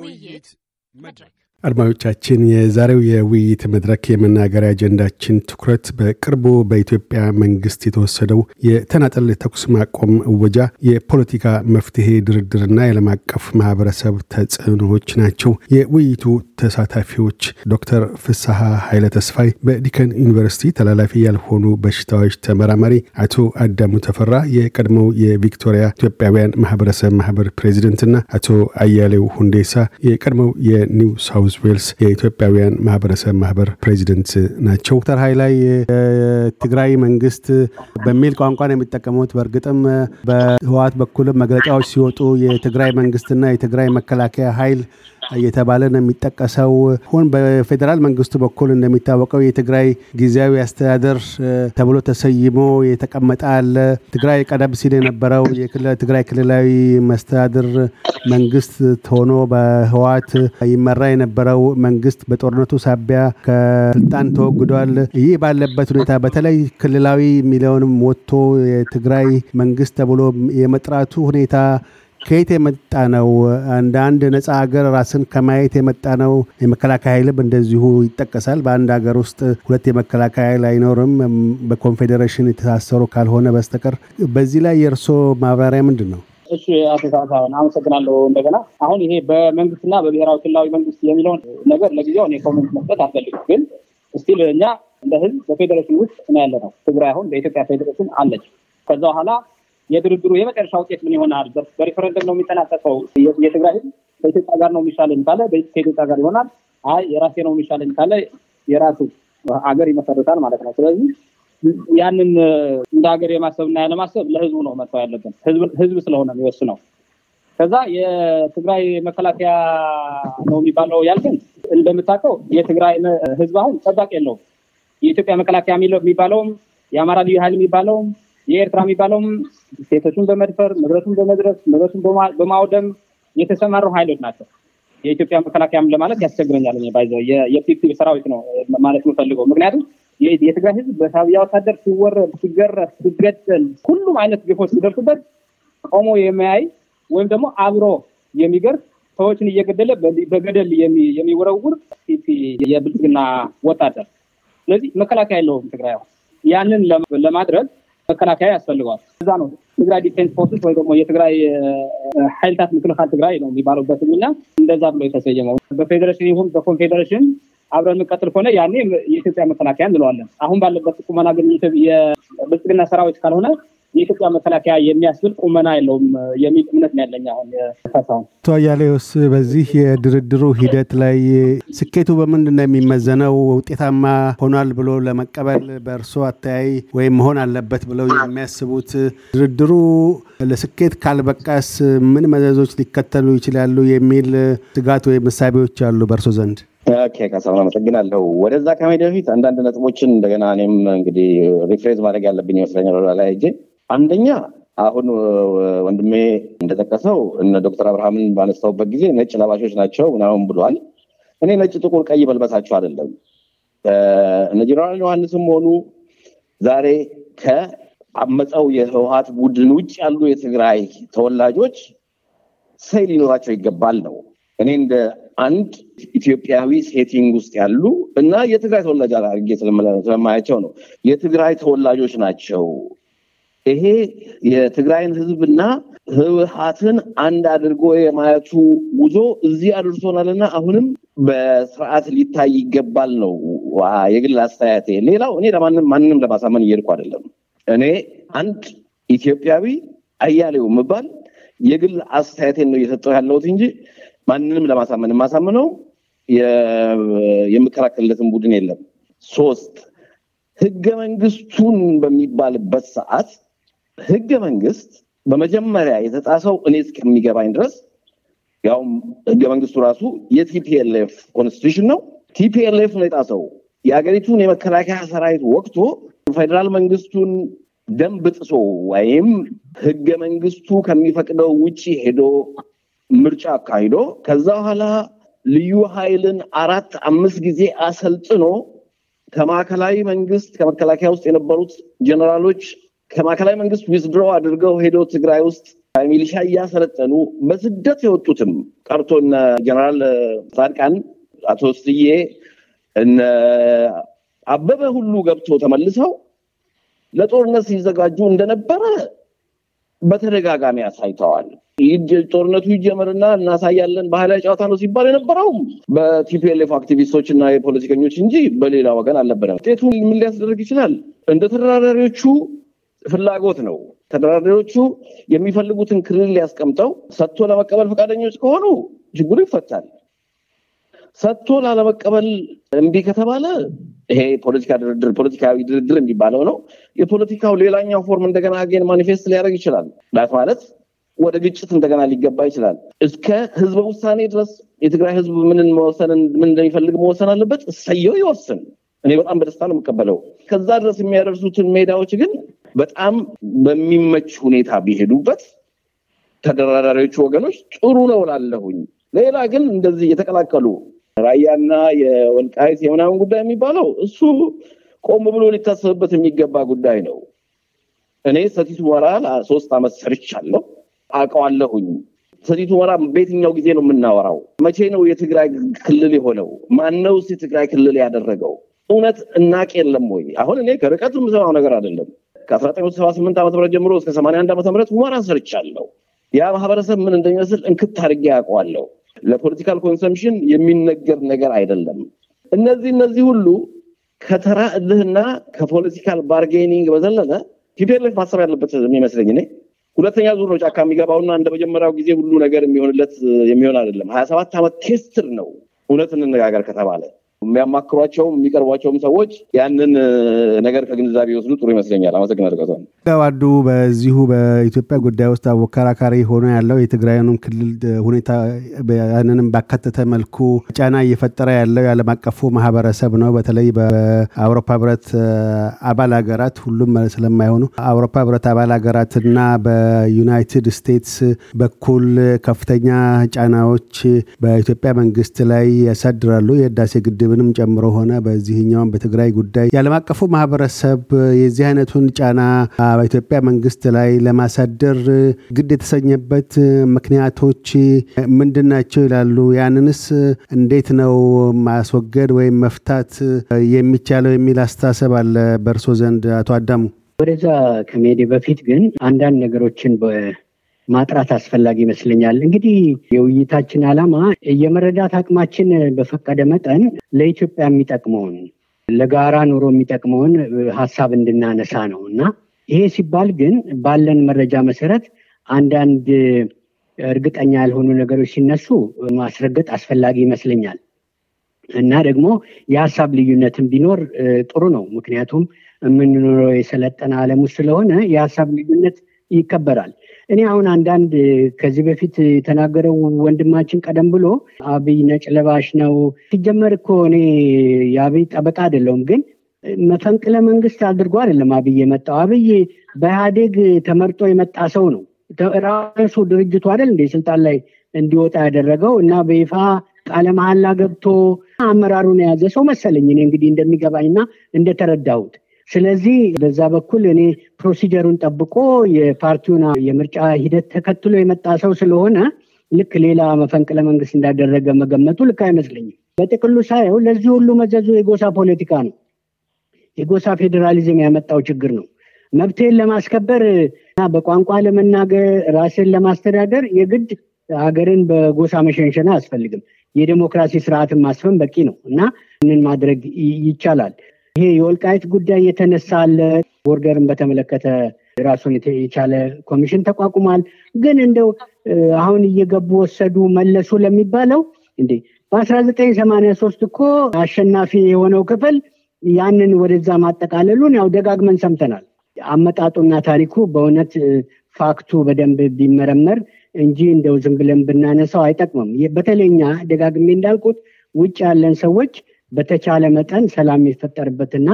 We Heath Magic. አድማጮቻችን የዛሬው የውይይት መድረክ የመናገሪያ አጀንዳችን ትኩረት በቅርቡ በኢትዮጵያ መንግስት የተወሰደው የተናጠል ተኩስ ማቆም እወጃ፣ የፖለቲካ መፍትሄ ድርድርና የዓለም አቀፍ ማህበረሰብ ተጽዕኖዎች ናቸው። የውይይቱ ተሳታፊዎች ዶክተር ፍስሐ ኃይለ ተስፋይ በዲከን ዩኒቨርሲቲ ተላላፊ ያልሆኑ በሽታዎች ተመራማሪ፣ አቶ አዳሙ ተፈራ የቀድሞው የቪክቶሪያ ኢትዮጵያውያን ማህበረሰብ ማህበር ፕሬዚደንትና አቶ አያሌው ሁንዴሳ የቀድሞው የኒው ሳው ኒውስ ዌልስ የኢትዮጵያውያን ማህበረሰብ ማህበር ፕሬዚደንት ናቸው። ዶክተር ሀይላይ የትግራይ መንግስት በሚል ቋንቋ ነው የሚጠቀሙት። በእርግጥም በህወሓት በኩልም መግለጫዎች ሲወጡ የትግራይ መንግስትና የትግራይ መከላከያ ኃይል እየተባለ ነው የሚጠቀሰው። ሁን በፌዴራል መንግስቱ በኩል እንደሚታወቀው የትግራይ ጊዜያዊ አስተዳደር ተብሎ ተሰይሞ የተቀመጠ አለ። ትግራይ ቀደም ሲል የነበረው የትግራይ ክልላዊ መስተዳድር መንግስት ሆኖ በህወሓት ይመራ የነበረው መንግስት በጦርነቱ ሳቢያ ከስልጣን ተወግዷል። ይህ ባለበት ሁኔታ በተለይ ክልላዊ የሚለውንም ወጥቶ የትግራይ መንግስት ተብሎ የመጥራቱ ሁኔታ ከየት የመጣ ነው? እንደ አንድ ነፃ ሀገር ራስን ከማየት የመጣ ነው። የመከላከያ ኃይልም እንደዚሁ ይጠቀሳል። በአንድ ሀገር ውስጥ ሁለት የመከላከያ ኃይል አይኖርም በኮንፌዴሬሽን የተሳሰሩ ካልሆነ በስተቀር። በዚህ ላይ የእርሶ ማብራሪያ ምንድን ነው? እሺ አቶ ሳሳሁን አመሰግናለሁ። እንደገና አሁን ይሄ በመንግስትና በብሔራዊ ክልላዊ መንግስት የሚለውን ነገር ለጊዜው እኔ ኮሜንት መስጠት አልፈልግም። ግን እስቲል እኛ እንደ ህዝብ በፌዴሬሽን ውስጥ ነው ያለ ነው። ትግራይ አሁን በኢትዮጵያ ፌዴሬሽን አለች። ከዛ በኋላ የድርድሩ የመጨረሻ ውጤት ምን ይሆናል? በሪፈረንደም ነው የሚጠናቀቀው። የትግራይ ህዝብ ከኢትዮጵያ ጋር ነው የሚሻለኝ ካለ ከኢትዮጵያ ጋር ይሆናል። አይ የራሴ ነው የሚሻለኝ ካለ የራሱ አገር ይመሰርታል ማለት ነው። ስለዚህ ያንን እንደ ሀገር የማሰብ እና ያለማሰብ ለህዝቡ ነው መተው ያለብን። ህዝብ ስለሆነ የሚወስነው። ከዛ የትግራይ መከላከያ ነው የሚባለው ያልክን እንደምታውቀው የትግራይ ህዝብ አሁን ጠባቂ የለውም። የኢትዮጵያ መከላከያ የሚባለውም የአማራ ልዩ ኃይል የሚባለውም የኤርትራ የሚባለውም ሴቶቹን በመድፈር ንብረቱን በመድረስ ንብረቱን በማውደም የተሰማሩ ኃይሎች ናቸው። የኢትዮጵያ መከላከያም ለማለት ያስቸግረኛል። የፒፒ ሰራዊት ነው ማለት የምፈልገው። ምክንያቱም የትግራይ ህዝብ በሻዕቢያ ወታደር ሲወረድ፣ ሲገረፍ፣ ሲገደል ሁሉም አይነት ግፎች ሲደርሱበት ቆሞ የሚያይ ወይም ደግሞ አብሮ የሚገርፍ ሰዎችን እየገደለ በገደል የሚወረውር ፒፒ የብልጽግና ወታደር። ስለዚህ መከላከያ የለውም ትግራይ። ያንን ለማድረግ መከላከያ ያስፈልገዋል። እዛ ነው ትግራይ ዲፌንስ ፎርስስ ወይ ደግሞ የትግራይ ሀይልታት ምክልካል ትግራይ ነው የሚባሉበት እና እንደዛ ብሎ የተሰየመው በፌዴሬሽን ይሁን በኮንፌዴሬሽን አብረን የምንቀጥል ከሆነ ያኔ የኢትዮጵያ መከላከያ እንለዋለን። አሁን ባለበት ቁመና ግን የብልጽግና ሰራዊት ካልሆነ የኢትዮጵያ መከላከያ የሚያስብል ቁመና የለውም የሚል እምነት ነው ያለኝ። አሁን ፈሳሁን አቶ አያሌውስ በዚህ የድርድሩ ሂደት ላይ ስኬቱ በምንድን ነው የሚመዘነው? ውጤታማ ሆኗል ብሎ ለመቀበል በእርሶ አተያይ ወይም መሆን አለበት ብለው የሚያስቡት ድርድሩ ለስኬት ካልበቃስ ምን መዘዞች ሊከተሉ ይችላሉ የሚል ስጋት ወይም ምሳቤዎች አሉ በእርሶ ዘንድ? ኦኬ፣ ካሳሁን አመሰግናለሁ። ወደዛ ከመሄድ በፊት አንዳንድ ነጥቦችን እንደገና እኔም እንግዲህ ሪፍሬዝ ማድረግ ያለብኝ ይመስለኛል ላይ አንደኛ አሁን ወንድሜ እንደጠቀሰው እነ ዶክተር አብርሃምን ባነሳውበት ጊዜ ነጭ ለባሾች ናቸው ምናምን ብሏል። እኔ ነጭ፣ ጥቁር፣ ቀይ በልበሳቸው አይደለም እነ ጀኔራል ዮሐንስም ሆኑ ዛሬ ከአመፀው የህወሀት ቡድን ውጭ ያሉ የትግራይ ተወላጆች ሰይ ሊኖራቸው ይገባል ነው እኔ እንደ አንድ ኢትዮጵያዊ ሴቲንግ ውስጥ ያሉ እና የትግራይ ተወላጅ አድርጌ ስለማያቸው ነው። የትግራይ ተወላጆች ናቸው ይሄ የትግራይን ህዝብና ህወሓትን አንድ አድርጎ የማየቱ ጉዞ እዚህ አድርሶናልና አሁንም በስርዓት ሊታይ ይገባል ነው የግል አስተያየት። ሌላው እኔ ለማንም ማንም ለማሳመን እየሄድኩ አይደለም። እኔ አንድ ኢትዮጵያዊ አያሌው የምባል የግል አስተያየቴን ነው እየሰጠው ያለሁት እንጂ ማንንም ለማሳመን የማሳምነው የምከራከርለትን ቡድን የለም። ሶስት ህገ መንግስቱን በሚባልበት ሰዓት ህገ መንግስት በመጀመሪያ የተጣሰው እኔ እስከሚገባኝ ድረስ ያውም ህገ መንግስቱ ራሱ የቲፒኤልኤፍ ኮንስቲቱሽን ነው። ቲፒኤልኤፍ ነው የጣሰው። የሀገሪቱን የመከላከያ ሰራዊት ወቅቶ ፌዴራል መንግስቱን ደንብ ጥሶ ወይም ህገ መንግስቱ ከሚፈቅደው ውጭ ሄዶ ምርጫ አካሂዶ ከዛ በኋላ ልዩ ኃይልን አራት አምስት ጊዜ አሰልጥኖ ከማዕከላዊ መንግስት ከመከላከያ ውስጥ የነበሩት ጀነራሎች ከማዕከላዊ መንግስት ዊዝድሮ አድርገው ሄደው ትግራይ ውስጥ ሚሊሻ እያሰለጠኑ በስደት የወጡትም ቀርቶ እነ ጀነራል ጻድቃን አቶ ስዬ እነ አበበ ሁሉ ገብቶ ተመልሰው ለጦርነት ሲዘጋጁ እንደነበረ በተደጋጋሚ አሳይተዋል። ጦርነቱ ይጀምርና እናሳያለን ባህላዊ ጨዋታ ነው ሲባል የነበረውም በቲፒኤልኤፍ አክቲቪስቶች እና የፖለቲከኞች እንጂ በሌላ ወገን አልነበረም። ውጤቱ ምን ሊያስደርግ ይችላል? እንደ ተደራዳሪዎቹ ፍላጎት ነው። ተደራዳሪዎቹ የሚፈልጉትን ክልል ሊያስቀምጠው ሰጥቶ ለመቀበል ፈቃደኞች ከሆኑ ችግሩ ይፈታል። ሰጥቶ ላለመቀበል እምቢ ከተባለ ይሄ ፖለቲካ ድርድር ፖለቲካዊ ድርድር የሚባለው ነው። የፖለቲካው ሌላኛው ፎርም እንደገና አገን ማኒፌስት ሊያደርግ ይችላል። ዳት ማለት ወደ ግጭት እንደገና ሊገባ ይችላል። እስከ ህዝበ ውሳኔ ድረስ የትግራይ ህዝብ ምንን መወሰን ምን እንደሚፈልግ መወሰን አለበት። እሰየው ይወስን። እኔ በጣም በደስታ ነው የምቀበለው። ከዛ ድረስ የሚያደርሱትን ሜዳዎች ግን በጣም በሚመች ሁኔታ ቢሄዱበት ተደራዳሪዎቹ ወገኖች ጥሩ ነው ላለሁኝ። ሌላ ግን እንደዚህ የተቀላቀሉ ራያና የወልቃይት የምናምን ጉዳይ የሚባለው እሱ ቆም ብሎ ሊታሰብበት የሚገባ ጉዳይ ነው። እኔ ሰቲት ሁመራ ሶስት ዓመት ሰርቻለሁ፣ አውቀዋለሁኝ። ሰቲት ሁመራ በየትኛው ጊዜ ነው የምናወራው? መቼ ነው የትግራይ ክልል የሆነው? ማነውስ የትግራይ ክልል ያደረገው? እውነት እናቅ የለም ወይ? አሁን እኔ ከርቀት የምሰማው ነገር አይደለም። ከ1978 ዓ ም ጀምሮ እስከ 81 ዓ ም ሁመራ ሰርቻለሁ። ያ ማህበረሰብ ምን እንደሚመስል እንክት አድርጌ ያውቀዋለሁ። ለፖለቲካል ኮንሰምሽን የሚነገር ነገር አይደለም። እነዚህ እነዚህ ሁሉ ከተራ እልህና ከፖለቲካል ባርጌኒንግ በዘለለ ቲፒኤልኤፍ ማሰብ ያለበት የሚመስለኝ እኔ ሁለተኛ ዙር ነው ጫካ የሚገባውና እንደ መጀመሪያው ጊዜ ሁሉ ነገር የሚሆንለት የሚሆን አይደለም። ሀያ ሰባት ዓመት ቴስትር ነው እውነት እንነጋገር ከተባለ የሚያማክሯቸውም የሚቀርቧቸውም ሰዎች ያንን ነገር ከግንዛቤ ይወስዱ ጥሩ ይመስለኛል። አመሰግናለሁ። ቀቷል አዱ፣ በዚሁ በኢትዮጵያ ጉዳይ ውስጥ አወከራካሪ ሆኖ ያለው የትግራይንም ክልል ሁኔታ ያንንም ባካተተ መልኩ ጫና እየፈጠረ ያለው የዓለም አቀፉ ማህበረሰብ ነው። በተለይ በአውሮፓ ህብረት አባል ሀገራት ሁሉም ስለማይሆኑ አውሮፓ ህብረት አባል ሀገራትና በዩናይትድ ስቴትስ በኩል ከፍተኛ ጫናዎች በኢትዮጵያ መንግስት ላይ ያሳድራሉ። የህዳሴ ግድብ ህዝብንም ጨምሮ ሆነ በዚህኛውም በትግራይ ጉዳይ የዓለም አቀፉ ማህበረሰብ የዚህ አይነቱን ጫና በኢትዮጵያ መንግስት ላይ ለማሳደር ግድ የተሰኘበት ምክንያቶች ምንድን ናቸው ይላሉ? ያንንስ እንዴት ነው ማስወገድ ወይም መፍታት የሚቻለው የሚል አስተሳሰብ አለ በእርሶ ዘንድ አቶ አዳሙ? ወደዛ ከመሄዴ በፊት ግን አንዳንድ ነገሮችን ማጥራት አስፈላጊ ይመስለኛል። እንግዲህ የውይይታችን ዓላማ የመረዳት አቅማችን በፈቀደ መጠን ለኢትዮጵያ የሚጠቅመውን ለጋራ ኑሮ የሚጠቅመውን ሀሳብ እንድናነሳ ነው እና ይሄ ሲባል ግን ባለን መረጃ መሰረት አንዳንድ እርግጠኛ ያልሆኑ ነገሮች ሲነሱ ማስረገጥ አስፈላጊ ይመስለኛል እና ደግሞ የሀሳብ ልዩነትም ቢኖር ጥሩ ነው። ምክንያቱም የምንኖረው የሰለጠነ ዓለም ውስጥ ስለሆነ የሀሳብ ልዩነት ይከበራል። እኔ አሁን አንዳንድ ከዚህ በፊት የተናገረው ወንድማችን ቀደም ብሎ አብይ ነጭ ለባሽ ነው ሲጀመር እኮ እኔ የአብይ ጠበቃ አይደለሁም፣ ግን መፈንቅለ መንግስት አድርጎ አይደለም አብይ የመጣው። አብይ በኢህአዴግ ተመርጦ የመጣ ሰው ነው። ራሱ ድርጅቱ አይደል እንደ ስልጣን ላይ እንዲወጣ ያደረገው እና በይፋ ቃለ መሐላ ገብቶ አመራሩን የያዘ ሰው መሰለኝ እኔ እንግዲህ እንደሚገባኝና እንደተረዳሁት ስለዚህ በዛ በኩል እኔ ፕሮሲጀሩን ጠብቆ የፓርቲውን የምርጫ ሂደት ተከትሎ የመጣ ሰው ስለሆነ ልክ ሌላ መፈንቅለ መንግስት እንዳደረገ መገመቱ ልክ አይመስለኝም። በጥቅሉ ሳየው ለዚህ ሁሉ መዘዙ የጎሳ ፖለቲካ ነው። የጎሳ ፌዴራሊዝም ያመጣው ችግር ነው። መብትን ለማስከበር እና በቋንቋ ለመናገር ራስን ለማስተዳደር የግድ ሀገርን በጎሳ መሸንሸን አያስፈልግም። የዴሞክራሲ ስርዓትን ማስፈን በቂ ነው እና ምን ማድረግ ይቻላል። ይሄ የወልቃይት ጉዳይ የተነሳ አለ። ቦርደርን በተመለከተ ራሱን የቻለ ኮሚሽን ተቋቁሟል። ግን እንደው አሁን እየገቡ ወሰዱ መለሱ ለሚባለው እንዴ በአስራ ዘጠኝ ሰማኒያ ሶስት እኮ አሸናፊ የሆነው ክፍል ያንን ወደዛ ማጠቃለሉን ያው ደጋግመን ሰምተናል። አመጣጡና ታሪኩ በእውነት ፋክቱ በደንብ ቢመረመር እንጂ እንደው ዝም ብለን ብናነሳው አይጠቅምም። በተለይኛ ደጋግሜ እንዳልኩት ውጭ ያለን ሰዎች በተቻለ መጠን ሰላም የሚፈጠርበትና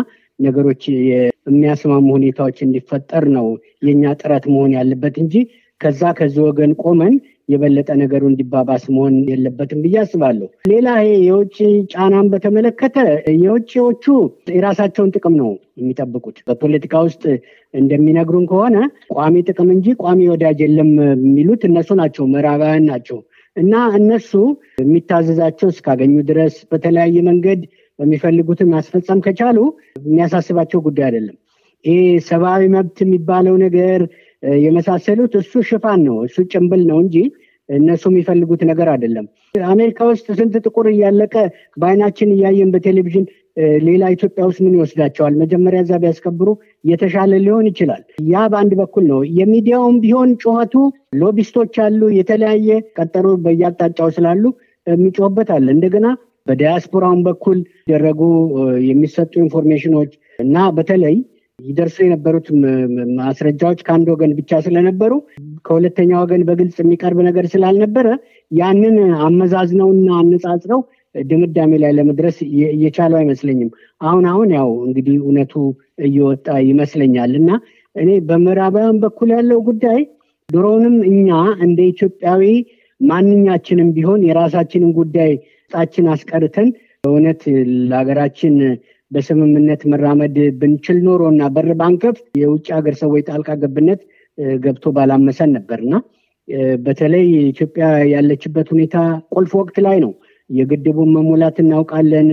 ነገሮች የሚያስማሙ ሁኔታዎች እንዲፈጠር ነው የኛ ጥረት መሆን ያለበት እንጂ ከዛ ከዚ ወገን ቆመን የበለጠ ነገሩ እንዲባባስ መሆን የለበትም ብዬ አስባለሁ። ሌላ የውጭ ጫናን በተመለከተ የውጭዎቹ የራሳቸውን ጥቅም ነው የሚጠብቁት። በፖለቲካ ውስጥ እንደሚነግሩን ከሆነ ቋሚ ጥቅም እንጂ ቋሚ ወዳጅ የለም የሚሉት እነሱ ናቸው፣ ምዕራባውያን ናቸው። እና እነሱ የሚታዘዛቸው እስካገኙ ድረስ በተለያየ መንገድ በሚፈልጉትን ማስፈጸም ከቻሉ የሚያሳስባቸው ጉዳይ አይደለም። ይሄ ሰብአዊ መብት የሚባለው ነገር የመሳሰሉት እሱ ሽፋን ነው፣ እሱ ጭንብል ነው እንጂ እነሱ የሚፈልጉት ነገር አይደለም። አሜሪካ ውስጥ ስንት ጥቁር እያለቀ በአይናችን እያየን በቴሌቪዥን ሌላ ኢትዮጵያ ውስጥ ምን ይወስዳቸዋል? መጀመሪያ እዛ ቢያስከብሩ የተሻለ ሊሆን ይችላል። ያ በአንድ በኩል ነው። የሚዲያውም ቢሆን ጩኸቱ ሎቢስቶች አሉ፣ የተለያየ ቀጠሮ በየአቅጣጫው ስላሉ የሚጮህበት አለ። እንደገና በዲያስፖራውን በኩል ደረጉ የሚሰጡ ኢንፎርሜሽኖች እና በተለይ ይደርሱ የነበሩት ማስረጃዎች ከአንድ ወገን ብቻ ስለነበሩ ከሁለተኛ ወገን በግልጽ የሚቀርብ ነገር ስላልነበረ ያንን አመዛዝነውና አነጻጽረው ድምዳሜ ላይ ለመድረስ እየቻለው አይመስለኝም። አሁን አሁን ያው እንግዲህ እውነቱ እየወጣ ይመስለኛል እና እኔ በምዕራባውያን በኩል ያለው ጉዳይ ድሮውንም እኛ እንደ ኢትዮጵያዊ ማንኛችንም ቢሆን የራሳችንን ጉዳይ ጣችን አስቀርተን በእውነት ለሀገራችን በስምምነት መራመድ ብንችል ኖሮ እና በር ባንከፍት የውጭ ሀገር ሰዎች ጣልቃ ገብነት ገብቶ ባላመሰን ነበርና በተለይ ኢትዮጵያ ያለችበት ሁኔታ ቁልፍ ወቅት ላይ ነው። የግድቡን መሙላት እናውቃለን።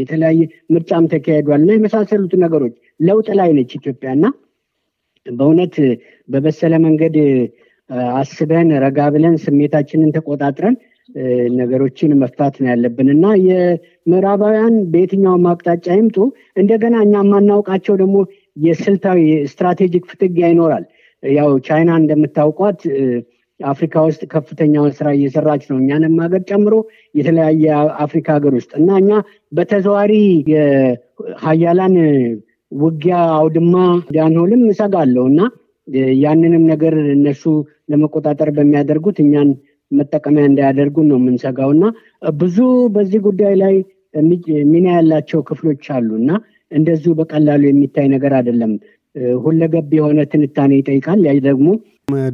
የተለያየ ምርጫም ተካሂዷል እና የመሳሰሉት ነገሮች ለውጥ ላይ ነች ኢትዮጵያ እና በእውነት በበሰለ መንገድ አስበን ረጋ ብለን ስሜታችንን ተቆጣጥረን ነገሮችን መፍታት ነው ያለብን እና የምዕራባውያን በየትኛውም አቅጣጫ ይምጡ፣ እንደገና እኛ የማናውቃቸው ደግሞ የስልታዊ ስትራቴጂክ ፍትጊያ ይኖራል። ያው ቻይና እንደምታውቋት አፍሪካ ውስጥ ከፍተኛውን ስራ እየሰራች ነው። እኛንም ሀገር ጨምሮ የተለያየ አፍሪካ ሀገር ውስጥ እና እኛ በተዘዋሪ የሀያላን ውጊያ አውድማ ዳንሆልም እሰጋለሁ እና ያንንም ነገር እነሱ ለመቆጣጠር በሚያደርጉት እኛን መጠቀሚያ እንዳያደርጉ ነው የምንሰጋው እና ብዙ በዚህ ጉዳይ ላይ ሚና ያላቸው ክፍሎች አሉ እና እንደዚሁ በቀላሉ የሚታይ ነገር አይደለም። ሁለገብ የሆነ ትንታኔ ይጠይቃል። ያ ደግሞ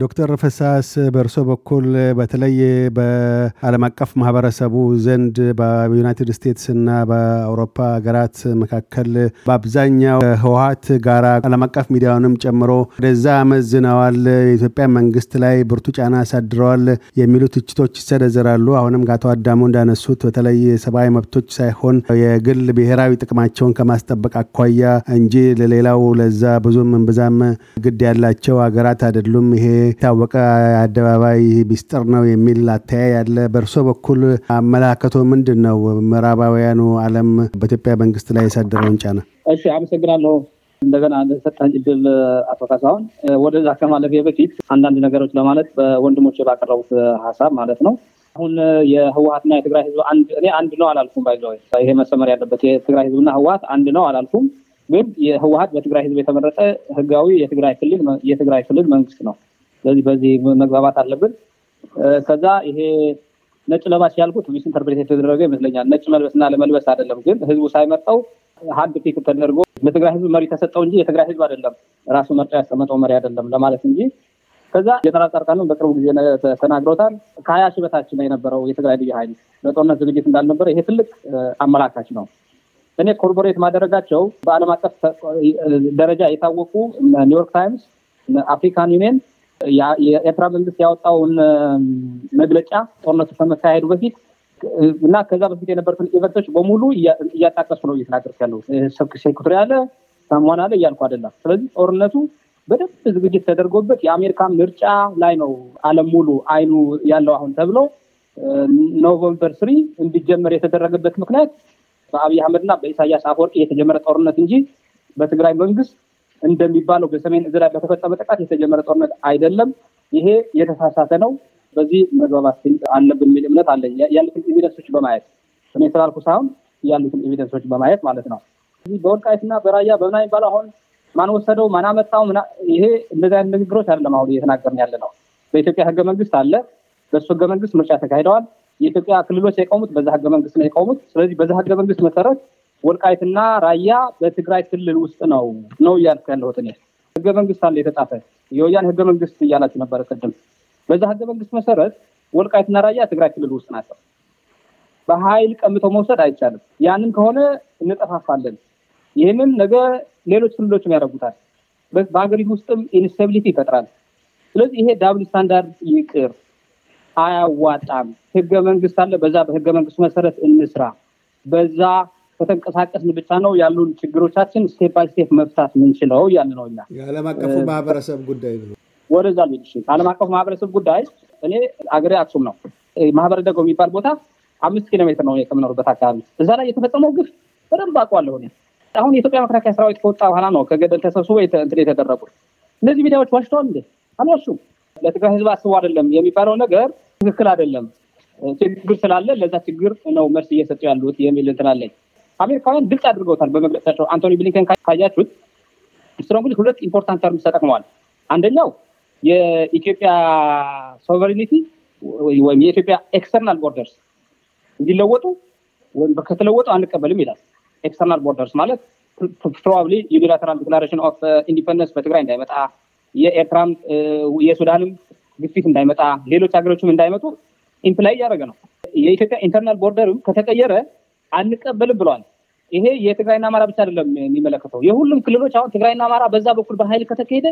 ዶክተር ፈሳስ በእርሶ በኩል በተለይ በዓለም አቀፍ ማህበረሰቡ ዘንድ በዩናይትድ ስቴትስ እና በአውሮፓ ሀገራት መካከል በአብዛኛው ህወሀት ጋራ ዓለም አቀፍ ሚዲያውንም ጨምሮ ወደዛ መዝነዋል የኢትዮጵያ መንግስት ላይ ብርቱ ጫና አሳድረዋል የሚሉ ትችቶች ይሰነዘራሉ። አሁንም ከአቶ አዳሙ እንዳነሱት በተለይ ሰብአዊ መብቶች ሳይሆን የግል ብሔራዊ ጥቅማቸውን ከማስጠበቅ አኳያ እንጂ ለሌላው ለዛ ብዙም እምብዛም ግድ ያላቸው ሀገራት አይደሉም። ይሄ የታወቀ አደባባይ ሚስጥር ነው የሚል አተያይ አለ። በእርሶ በኩል አመላከቶ ምንድን ነው ምዕራባውያኑ ዓለም በኢትዮጵያ መንግስት ላይ የሳደረውን ጫና? እሺ አመሰግናለሁ። እንደገና እንደሰጠኝ እድል አቶ ካሳሁን፣ ወደዛ ከማለፌ በፊት አንዳንድ ነገሮች ለማለት በወንድሞች ባቀረቡት ሀሳብ ማለት ነው። አሁን የህወሀትና የትግራይ ህዝብ እኔ አንድ ነው አላልኩም። ባይዘ ይሄ መሰመር ያለበት የትግራይ ህዝብና ህወሀት አንድ ነው አላልኩም። ግን የህወሀት በትግራይ ህዝብ የተመረጠ ህጋዊ የትግራይ ክልል የትግራይ ክልል መንግስት ነው። ስለዚህ በዚህ መግባባት አለብን። ከዛ ይሄ ነጭ ለባሽ ያልኩት ሚስ ኢንተርፕሬት የተደረገ ይመስለኛል። ነጭ መልበስና ለመልበስ አይደለም፣ ግን ህዝቡ ሳይመርጠው ሀንድ ፒክ ተደርጎ ለትግራይ ህዝብ መሪ ተሰጠው እንጂ የትግራይ ህዝብ አይደለም ራሱ መርጦ ያስቀመጠው መሪ አይደለም ለማለት እንጂ ከዛ ጀነራል ጻድቃንም በቅርቡ ጊዜ ተናግረውታል። ከሀያ ሺህ በታች ነው የነበረው የትግራይ ልዩ ኃይል በጦርነት ዝግጅት እንዳልነበረ ይሄ ትልቅ አመላካች ነው። እኔ ኮርፖሬት ማደረጋቸው በዓለም አቀፍ ደረጃ የታወቁ ኒውዮርክ ታይምስ፣ አፍሪካን ዩኒየን የኤርትራ መንግስት ያወጣውን መግለጫ ጦርነቱ ከመካሄዱ በፊት እና ከዛ በፊት የነበሩትን ኢቨንቶች በሙሉ እያጣቀሱ ነው እየተናገርኩ ያለው። ሴኩትሪ ያለ ሳምሆን አለ እያልኩ አይደለም። ስለዚህ ጦርነቱ በደንብ ዝግጅት ተደርጎበት የአሜሪካ ምርጫ ላይ ነው አለም ሙሉ አይኑ ያለው አሁን ተብሎ ኖቨምበር ስሪ እንዲጀመር የተደረገበት ምክንያት በአብይ አህመድ እና በኢሳያስ አፈወርቅ የተጀመረ ጦርነት እንጂ በትግራይ መንግስት እንደሚባለው በሰሜን ላይ በተፈጸመ ጥቃት የተጀመረ ጦርነት አይደለም። ይሄ የተሳሳተ ነው። በዚህ መግባባት አለብን የሚል እምነት አለ ያሉትን ኤቪደንሶች በማየት እኔ ስላልኩ ሳይሆን ያሉትን ኤቪደንሶች በማየት ማለት ነው። በወልቃይትና በራያ በምና የሚባለው አሁን ማን ወሰደው ማን አመጣው ይሄ እንደዚህ አይነት ንግግሮች አይደለም አሁን እየተናገርን ያለ ነው። በኢትዮጵያ ህገ መንግስት አለ። በሱ ህገ መንግስት ምርጫ ተካሂደዋል። የኢትዮጵያ ክልሎች የቆሙት በዛ ህገ መንግስት ነው የቆሙት። ስለዚህ በዛ ህገ መንግስት መሰረት ወልቃይትና ራያ በትግራይ ክልል ውስጥ ነው ነው እያልኩ ያለሁት እኔ። ህገ መንግስት አለ የተጻፈ የወያን ህገ መንግስት እያላችሁ ነበረ ቅድም። በዛ ህገ መንግስት መሰረት ወልቃይትና ራያ ትግራይ ክልል ውስጥ ናቸው። በሀይል ቀምቶ መውሰድ አይቻልም። ያንን ከሆነ እንጠፋፋለን። ይህንን ነገ ሌሎች ክልሎችም ያደርጉታል። በሀገሪቱ ውስጥም ኢንስታቢሊቲ ይፈጥራል። ስለዚህ ይሄ ዳብል ስታንዳርድ ይቅር፣ አያዋጣም። ህገ መንግስት አለ። በዛ በህገ መንግስት መሰረት እንስራ። በዛ ከተንቀሳቀስን ብቻ ነው ያሉን ችግሮቻችን ስቴፕ ባይ ስቴፕ መፍታት ምንችለው ያን ነው። እኛ የዓለም አቀፉ ማህበረሰብ ጉዳይ ወደዛ ልጅ ዓለም አቀፉ ማህበረሰብ ጉዳይ እኔ አገሬ አክሱም ነው ማህበረ ደጎ የሚባል ቦታ አምስት ኪሎ ሜትር ነው ከምኖርበት አካባቢ። እዛ ላይ የተፈጸመው ግፍ በደንብ አውቀዋለሁ። አሁን የኢትዮጵያ መከላከያ ሰራዊት ከወጣ በኋላ ነው ከገደል ተሰብስቦ እንትን የተደረጉት። እነዚህ ሚዲያዎች ዋሽተዋል እንዴ? አልዋሹም። ለትግራይ ህዝብ አስቡ አይደለም የሚባለው ነገር ትክክል አይደለም። ችግር ስላለ ለዛ ችግር ነው መልስ እየሰጡ ያሉት የሚል እንትን አለኝ። አሜሪካውያን ግልጽ አድርገውታል በመግለጫቸው። አንቶኒ ብሊንከን ካያችሁት ስትሮንግ ሁለት ኢምፖርታንት ተርምስ ተጠቅመዋል። አንደኛው የኢትዮጵያ ሶቨሪኒቲ ወይም የኢትዮጵያ ኤክስተርናል ቦርደርስ እንዲለወጡ ወይም ከተለወጡ አንቀበልም ይላል። ኤክስተርናል ቦርደርስ ማለት ፕሮባብሊ ዩኒላተራል ዲክላሬሽን ኦፍ ኢንዲፐንደንስ በትግራይ እንዳይመጣ፣ የኤርትራም የሱዳንም ግፊት እንዳይመጣ፣ ሌሎች ሀገሮችም እንዳይመጡ ኢምፕላይ እያደረገ ነው። የኢትዮጵያ ኢንተርናል ቦርደርም ከተቀየረ አንቀበልም ብለዋል። ይሄ የትግራይና አማራ ብቻ አይደለም የሚመለከተው የሁሉም ክልሎች አሁን ትግራይና አማራ በዛ በኩል በኃይል ከተካሄደ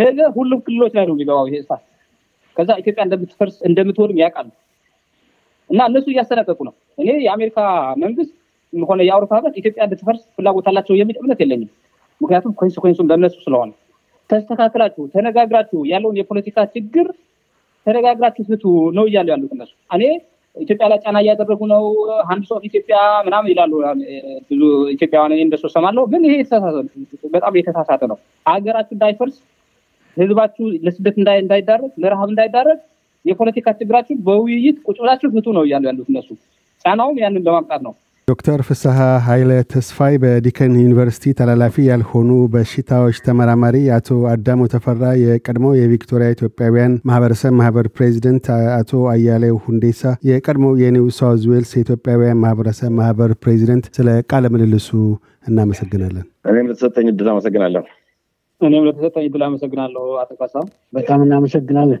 ነገ ሁሉም ክልሎች ላይ ነው የሚገባው ይሄ እሳት። ከዛ ኢትዮጵያ እንደምትፈርስ እንደምትወድም ያውቃሉ እና እነሱ እያስጠነቀቁ ነው። እኔ የአሜሪካ መንግስት ሆነ የአውሮፓ ህብረት ኢትዮጵያ እንድትፈርስ ፍላጎት አላቸው የሚል እምነት የለኝም። ምክንያቱም ኮንሲኮንሱም በእነሱ ስለሆነ ተስተካክላችሁ ተነጋግራችሁ ያለውን የፖለቲካ ችግር ተነጋግራችሁ ፍቱ ነው እያሉ ያሉት እነሱ እኔ ኢትዮጵያ ላይ ጫና እያደረጉ ነው አንድ ሰው ኢትዮጵያ ምናምን ይላሉ ብዙ ኢትዮጵያውያን እንደሱ ሰማለሁ ግን ይሄ በጣም የተሳሳተ ነው ሀገራችሁ እንዳይፈርስ ህዝባችሁ ለስደት እንዳይዳረግ ለረሃብ እንዳይዳረግ የፖለቲካ ችግራችሁ በውይይት ቁጭ ብላችሁ ፍቱ ነው እያሉ ያሉት እነሱ ጫናውም ያንን ለማምጣት ነው ዶክተር ፍስሐ ኃይለ ተስፋይ በዲከን ዩኒቨርሲቲ ተላላፊ ያልሆኑ በሽታዎች ተመራማሪ፣ አቶ አዳሙ ተፈራ የቀድሞ የቪክቶሪያ ኢትዮጵያውያን ማህበረሰብ ማህበር ፕሬዚደንት፣ አቶ አያሌው ሁንዴሳ የቀድሞ የኒው ሳውዝ ዌልስ የኢትዮጵያውያን ማህበረሰብ ማህበር ፕሬዚደንት፣ ስለ ቃለ ምልልሱ እናመሰግናለን። እኔም ለተሰጠኝ እድል አመሰግናለሁ። እኔም ለተሰጠኝ እድል አመሰግናለሁ። አቶ ካሳ በጣም እናመሰግናለን።